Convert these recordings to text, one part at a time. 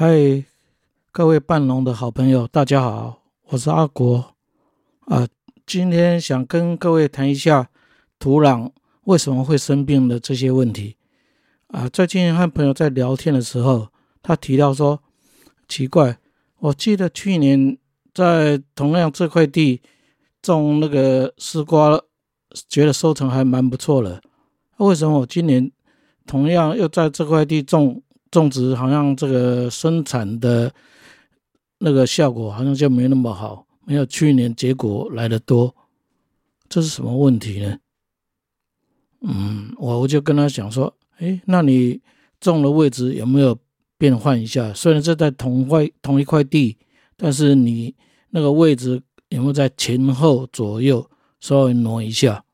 嗨，各位半農的好朋友，大家好，我是阿國。啊、呃，今天想跟各位談一下土壤為什麼會生病的這些問題。啊、呃，最近和朋友在聊天的時候，他提到說，奇怪，我記得去年在同樣這塊地種那個絲瓜，覺得收成還蠻不錯的，為什麼我今年同樣又在這塊地種？種植好像這個生產的那個效果好像就沒那麼好，沒有去年結果來得多，這是什麼問題呢？嗯，我我就跟他講說，誒，那你種的位置有沒有變換一下？雖然是在同塊同一塊地，但是你那個位置有沒有在前後左右稍微挪一下？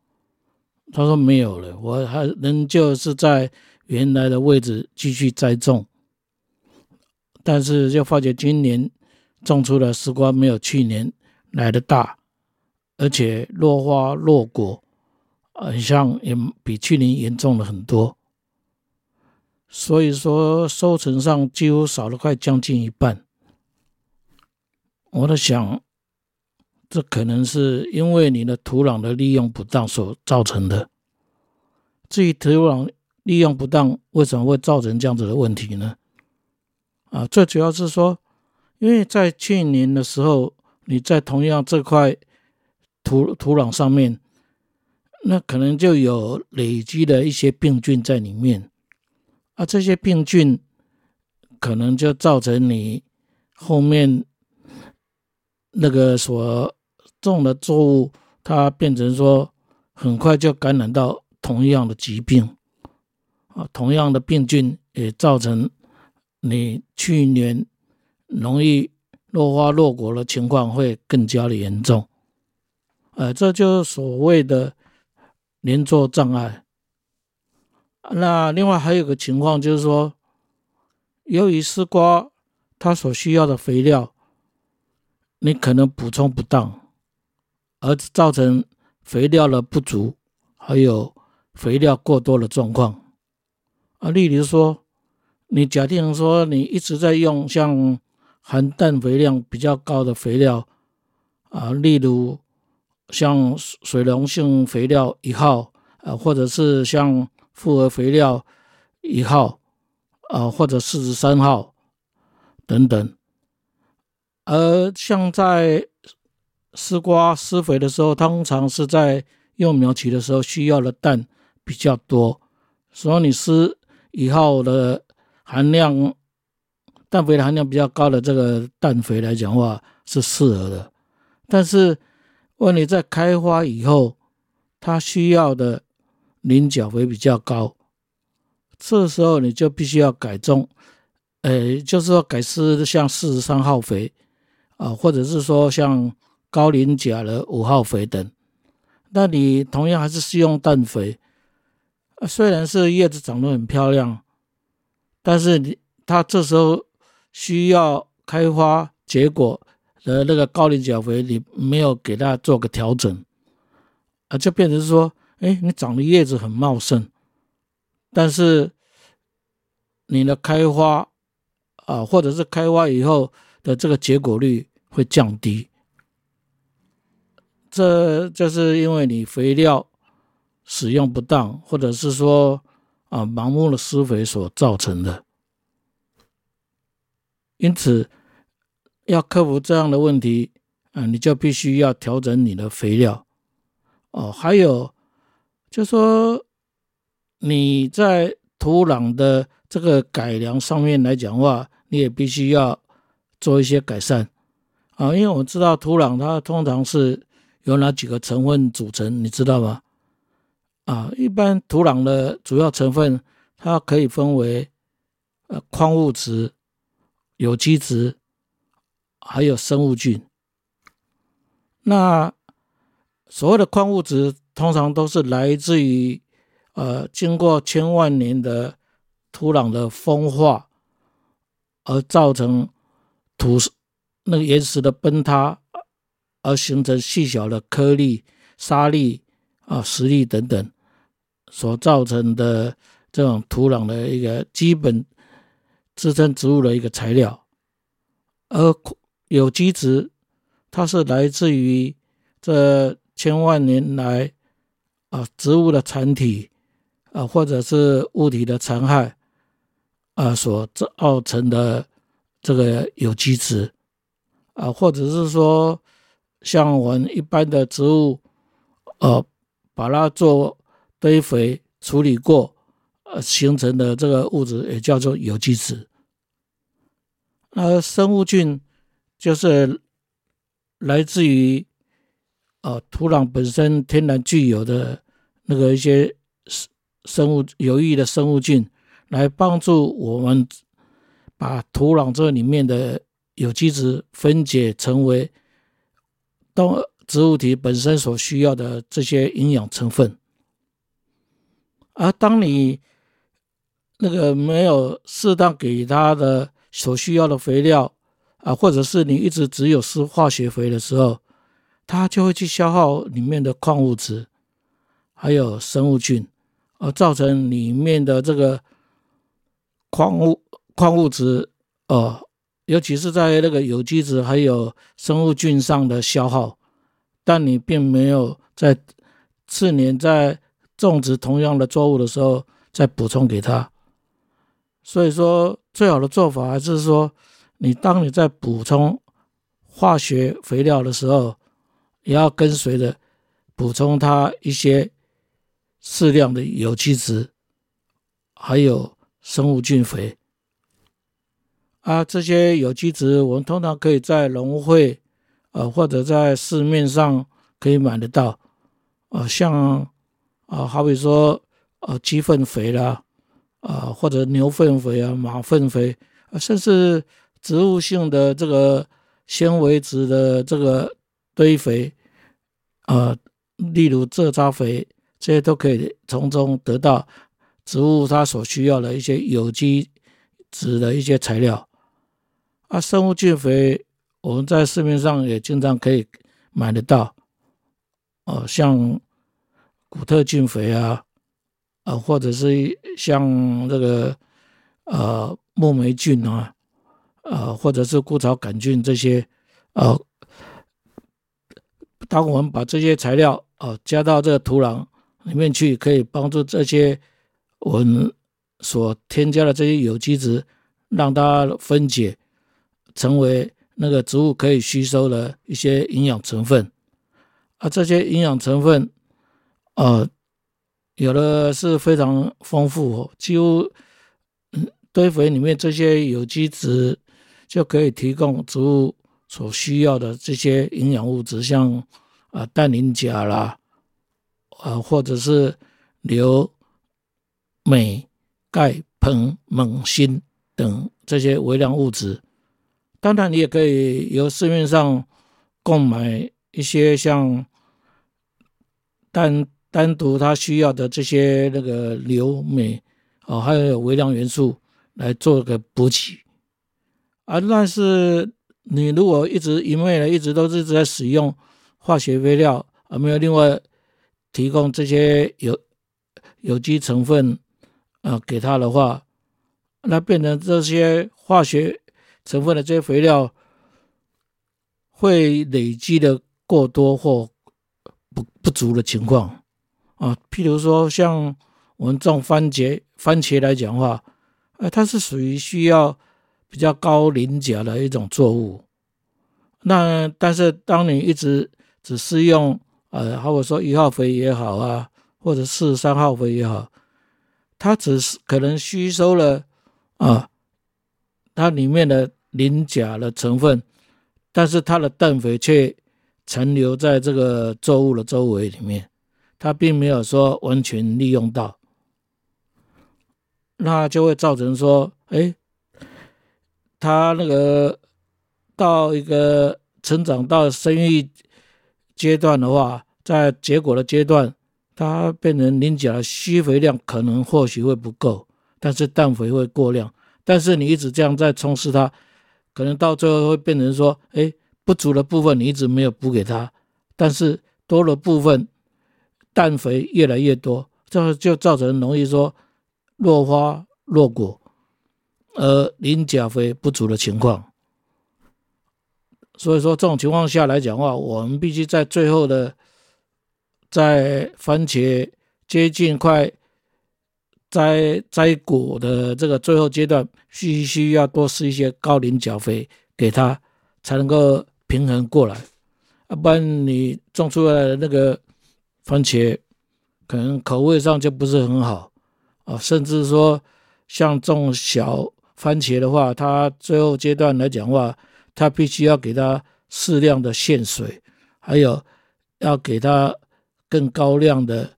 他說沒有了，我還仍舊是在。原來的位置繼續栽種，但是就發覺今年種出的絲瓜沒有去年來得大，而且落花落果，好像也比去年嚴重了很多。所以說收成上幾乎少了快將近一半。我在想，這可能是因為你的土壤的利用不當所造成的。至於土壤，利用不當，為什麼會造成這樣子的問題呢？啊，最主要是說，因為在去年的時候，你在同樣這塊土土壤上面，那可能就有累積的一些病菌在裡面，啊，這些病菌可能就造成你後面那個所種的作物，它變成說很快就感染到同樣的疾病。啊，同樣的病菌也造成你去年容易落花落果的情況會更加的嚴重。呃，這就是所謂的連作障礙。那另外還有個情況就是說，由於絲瓜它所需要的肥料，你可能補充不當，而造成肥料的不足，還有肥料過多的狀況。啊，例如說，你假定說你一直在用像含氮肥量比較高的肥料，啊、呃，例如像水溶性肥料一號，啊、呃，或者是像複合肥料一號，啊、呃，或者四十三號等等。而像在絲瓜施肥的時候，通常是在幼苗期的時候需要的氮比較多，所以你施。以後的含量，氮肥的含量比較高的這個氮肥來講的話是適合的，但是問你在開花以後，它需要的磷鉀肥比較高，這時候你就必須要改種，呃，就是說改施像四十三號肥啊、呃，或者是說像高磷鉀的五號肥等，那你同樣還是適用氮肥。雖然是葉子長得很漂亮，但是你它這時候需要開花結果的那個高磷鉀肥，你沒有給它做個調整，啊，就變成說，哎、欸，你長的葉子很茂盛，但是你的開花，啊、呃，或者是開花以後的這個結果率會降低，這就是因為你肥料。使用不當，或者是說啊盲目的施肥所造成的。因此要克服這樣的問題啊，你就必須要調整你的肥料哦。還有就說，你在土壤的這個改良上面來講的話，你也必須要做一些改善啊，因為我們知道土壤它通常是由哪幾個成分組成，你知道嗎？啊，一般土壤的主要成分，它可以分為呃礦物質、有機質，還有生物菌。那所謂的礦物質，通常都是來自於呃經過千萬年的土壤的風化，而造成土那個岩石的崩塌，而形成細小的顆粒、沙粒、啊、呃、石粒等等。所造成的這種土壤的一個基本支撐植物的一個材料，而有機質它是來自於這千萬年來啊，植物的殘體啊，或者是物體的殘骸啊，所造成的這個有機質啊，或者是說像我們一般的植物呃，把它做。堆肥處理過，呃形成的這個物質也叫做有機質。那生物菌就是來自於呃土壤本身天然具有的那個一些生生物有益的生物菌，來幫助我們把土壤這裡面的有機質分解成為動植物體本身所需要的這些營養成分。而、啊、當你那個沒有適當給它的所需要的肥料啊，或者是你一直只有施化學肥的時候，它就會去消耗裡面的礦物質，還有生物菌，而、啊、造成裡面的這個礦物礦物質呃，尤其是在那個有機質還有生物菌上的消耗，但你並沒有在次年在。種植同樣的作物的時候，再補充給它。所以說，最好的做法還是說，你當你在補充化學肥料的時候，也要跟隨着補充它一些適量的有機質，還有生物菌肥。啊，這些有機質我們通常可以在農會，呃，或者在市面上可以買得到，呃，像啊、呃，好比說，呃，雞糞肥啦，啊、呃，或者牛糞肥啊，馬糞肥、呃，甚至植物性的這個纖維質的這個堆肥，啊、呃，例如蔗渣肥，這些都可以從中得到植物它所需要的一些有機質的一些材料。啊，生物菌肥，我們在市面上也經常可以買得到，哦、呃，像，古特菌肥啊，啊、呃，或者是像這個呃木霉菌啊，啊、呃，或者是枯草桿菌這些，啊、呃。當我們把這些材料啊、呃、加到這個土壤裡面去，可以幫助這些我們所添加的這些有機質，讓它分解成為那個植物可以吸收的一些營養成分，啊，這些營養成分。呃，有的是非常豐富，幾乎堆肥裡面這些有機質就可以提供植物所需要的這些營養物質，像啊氮、磷、呃、鉀啦，啊、呃，或者是硫、鎂、鈣、硼、錳、鋅等這些微量物質，當然，你也可以由市面上購買一些像氮。單獨它需要的這些那個硫、鎂，哦，還有微量元素來做個補給，啊，但是你如果一直因為一直都是一直在使用化學肥料，而、啊、沒有另外提供這些有有機成分，啊，給它的話，那變成這些化學成分的這些肥料會累積的過多或不不足的情況。啊、呃，譬如說像我們種番茄，番茄來講的話，呃，它是屬於需要比較高磷鉀的一種作物。那但是當你一直只是用呃，好像說一號肥也好啊，或者是43號肥也好，它只是可能吸收了啊、呃，它裡面的磷鉀的成分，但是它的氮肥卻殘留在這個作物的周圍裡面。他並沒有說完全利用到，那就會造成說，哎、欸，他那個到一個成長到生育階段的話，在結果的階段，他變成磷鉀，吸肥量可能或許會不夠，但是氮肥會過量。但是你一直這樣在沖施它，可能到最後會變成說，哎、欸，不足的部分你一直沒有補給他，但是多的部分。氮肥越來越多，這就造成容易說落花落果，而磷鉀肥不足的情況。所以說這種情況下來講的話，我們必須在最後的，在番茄接近快摘摘果的這個最後階段，必須需要多施一些高磷鉀肥給它，才能夠平衡過來，一般你種出來的那個。番茄可能口味上就不是很好啊，甚至說像種小番茄的話，它最後階段來講的話，它必須要給它適量的限水，還有要給它更高量的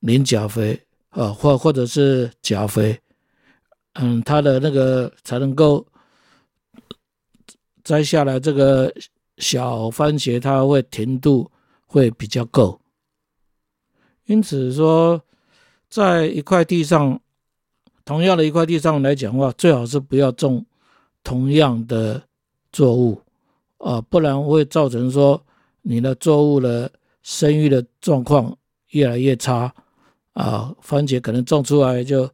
磷鉀肥啊，或者或者是鉀肥，嗯，它的那個才能夠摘下來這個小番茄，它會甜度會比較夠。因此說，在一塊地上，同樣的一塊地上來講的話，最好是不要種同樣的作物啊，不然會造成說你的作物的生育的狀況越來越差啊。番茄可能種出來就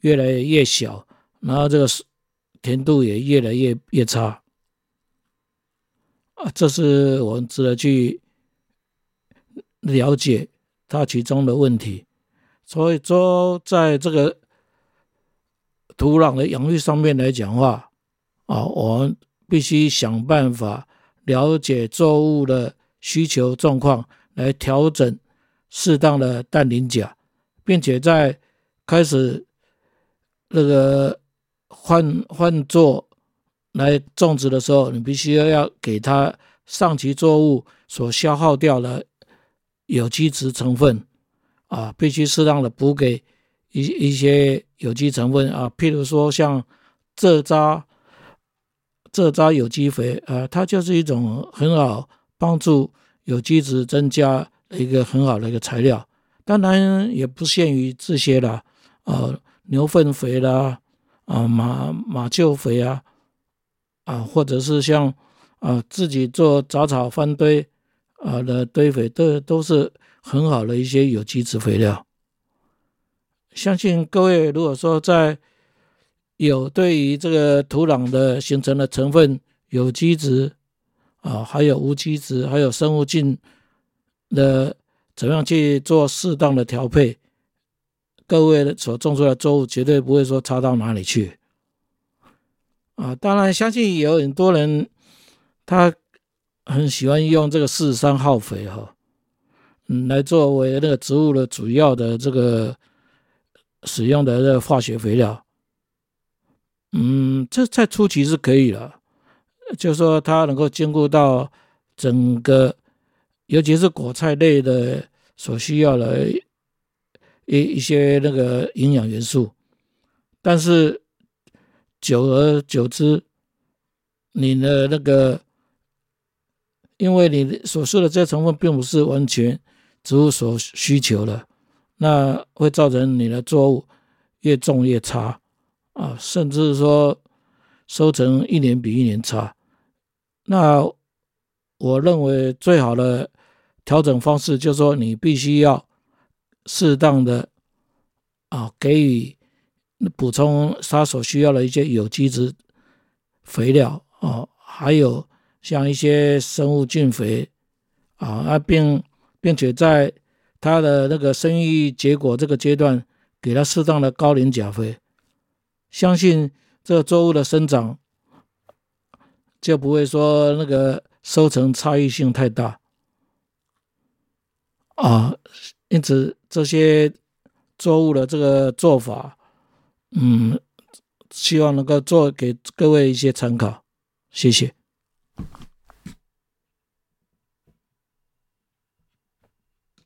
越來越小，然後這個是甜度也越來越越差啊。這是我們值得去了解。它其中的問題，所以說，在這個土壤的養育上面來講的話，啊，我們必須想辦法了解作物的需求狀況，來調整適當的氮磷鉀，並且在開始那個換換作來種植的時候，你必須要要給它上期作物所消耗掉的有機質成分啊，必須適當的補給一一些有機成分啊，譬如說像蔗渣，蔗渣有機肥啊，它就是一種很好幫助有機質增加一個很好的一個材料。當然也不限於這些了，呃、啊，牛糞肥啦，啊，馬馬廄肥啊，啊，或者是像啊自己做雜草翻堆。啊，的堆肥都都是很好的一些有機質肥料。相信各位如果說在有對於這個土壤的形成的成分、有機質啊，還有無機質，還有生物菌的，怎麼樣去做適當的調配，各位所種出來的作物絕對不會說差到哪裡去。啊，當然，相信有很多人他。很喜歡用這個四三號肥哈、哦，嗯，來作為那個植物的主要的這個使用的那個化學肥料。嗯，這在初期是可以了，就是，說它能夠兼顧到整個，尤其是果菜類的所需要的一一些那個營養元素。但是久而久之，你的那個。因為你所說的這些成分並不是完全植物所需求的，那會造成你的作物越種越差啊，甚至說收成一年比一年差。那我認為最好的調整方式就是說，你必須要適當的啊給予補充它所需要的一些有機質肥料啊，還有。像一些生物菌肥啊，啊，並並且在它的那個生育結果這個階段，給它適當的高磷鉀肥，相信這個作物的生長就不會說那個收成差異性太大啊。因此，這些作物的這個做法，嗯，希望能夠做給各位一些參考，謝謝。